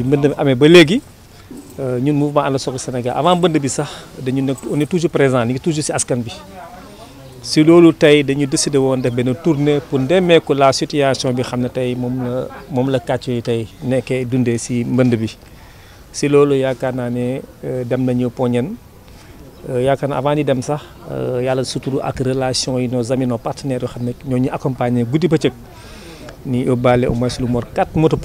bi mbënd mi amee ba léegi euh, ñun mouvement ànd Suxali Sénégal avant mbënd bi sax dañu nekk on toujours présent ñu ngi toujours ci askan bi si loolu tey dañu décidé woon def benn tournée pour ndemeeku la situation bi xam ne tey moom la moom la kàcc yi tey nekkee dundee si mbënd bi si loolu yaakaar naa ne euh, dem nañu poñen euh, yaakaar naa avant di dem sax yàlla surtout ak relation yi noo amis nos partenaires yoo xam ne ñoo ñu accompagner guddi bëccëg ni yóbbaale au moins lu mor 4 moto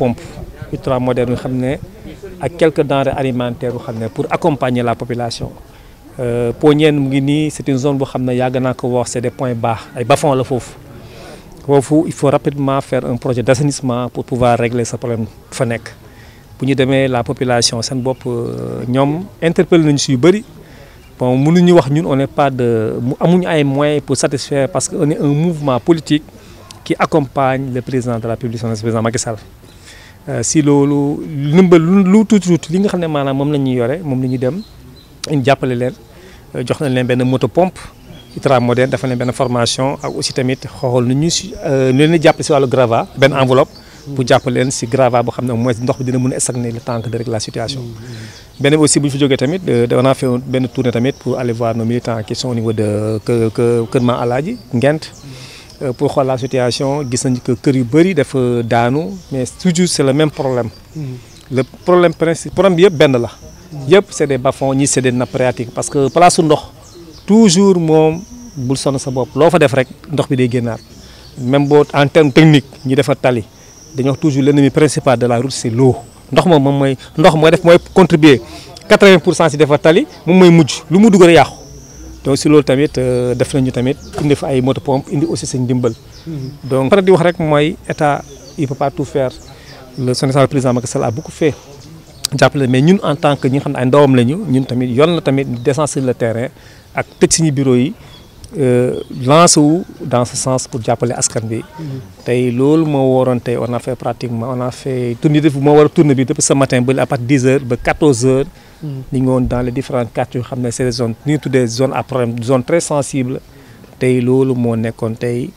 ultra moderne yu quelques denrées alimentaires pour accompagner la population euh, Pour nous, c'est une zone où xam c'est des points bas ay bas-fonds il faut rapidement faire un projet d'assainissement pour pouvoir régler ce problème Pour nous, la population c'est bopp euh, ñoom interpelle bon nous on n'est pas de ay moyens pour satisfaire parce qu'on est un mouvement politique qui accompagne le président de la République, le président Macky Sall euh, si loolu ndimbal lu tout tuuti li nga xam manam mom moom la ñuy yore moom la dem ñu jappalé leen euh, jox nañ leen ben moto pompe ITRA moderne dafa leen ben formation ak aussi tamit xool nu ñu si euh, nu leen japp ci walu grava ben enveloppe. bu jappalé leen ci grava boo xam ne ndox bi dina mëna estagner le temps de régler la situation. ben aussi bu ñu joggé tamit on a fait ben tournée tamit pour aller voir nos militants qui sont au niveau de que que que Maa aladi Ngent. Euh, pour xool la situation gis nañ que kër yu bëri dafa daanu mais toujours c'est le même problème. Mm. le problème principal problème bi yëpp benn la. Mm. yëpp c' des bas-fonds des nappes parce que place su toujours mon bul sonn sa bop lo fa def rek ndox bi day génnaat même en terme technique ñi defar tali dañuy wax toujours l'ennemi principal de la route c'est l'eau l' eau ndox moom moom mooy ndox def moy contribuer 80 si defar tali mom moy mujj lu mu dugg rek donc si loolu tamit euh, def nañu tamit indi fa ay moto pompe indi aussi seen ndimbal. Mhm. donc faral di wax rek mooy état il peut pas tout faire le son excellence président Macky Sall a beaucoup fait. jàppale mais ñun en tant que ñi xam ne ay ndawam lañu ñun tamit yoon na tamit descendre sur le terrain ak tëj suñu bureau yi. Euh, lance wu dans ce sens pour jàppale askan bi tey loolu moo waroon on a fait pratiquement on a fait tourné def moo war a bi depuis ce matin ba à partir de 10h, quatorze heures ñu ngi woon dans les différents quartiers yoo xam ne c'est des zones ñu tuddee zones à problème zone très sensible tey loolu moo nekkoon tey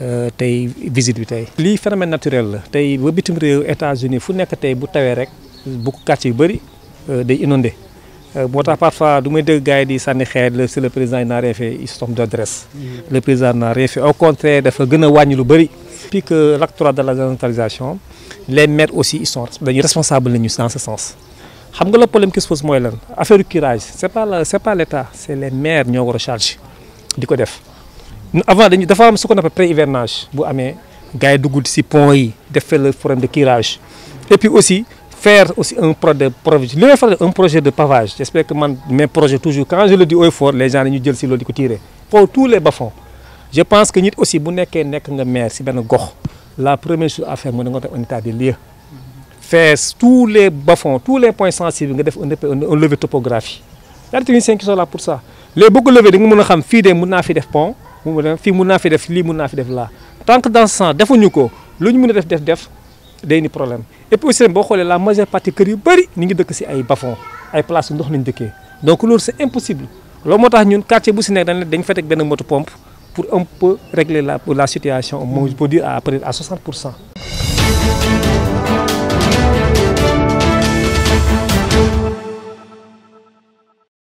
euh, tey visite bi tey lii phénomène naturel la tey ba États-Unis fu nekk tey bu tawee rek bu ko quartier yu bëri euh, day inondé euh, moo parfois du may dégg gars yi s'en le président il n'a rien fait il se trompe d'adresse mm. le président n'a rien fait au contraire dafa gën a wàññi lu bëri. puis que l'acte de la décentralisation les maires aussi ils sont dañuy responsables dans ce sens. xam nga le problème qui se pose à lan affaire curage c'est pas c'est pas l'État c'est les maires ñoo ont a charge di def. avant dañu dafa am qu'on ko près pré hivernage bu amee gars yi dugg si pont yi le problème de curage et puis aussi faire aussi un projet de projet li un projet de pavage j'espère que man mes projets toujours quand je le dis haut et fort les gens nous jël si loolu pour tous les bafons. je pense que nous aussi bu nekkee nekk nga maire si benn gox la première chose à faire c'est nga un état des faire tous les bafons, tous les points sensibles nga def un levé topographie y a des techniciens qui sont là pour ça Les beaucoup ko levé di nga mën a xam des de mën naa fi def pont fii mën naa fi def fi def là tant que dans ce sens ko lu ñu mën a def def def day ni problème et puis boo xoolee la majeure partie kër yu bëri ñu ngi dëkk si ay bafon ay place ndox lañ dëkkee donc loolu c'est impossible loolu moo tax ñun quartier bu si nekk dañ dañ fa teg benn moto pompe pour un peu régler la la situation on peut dire à peut à 60 pour cent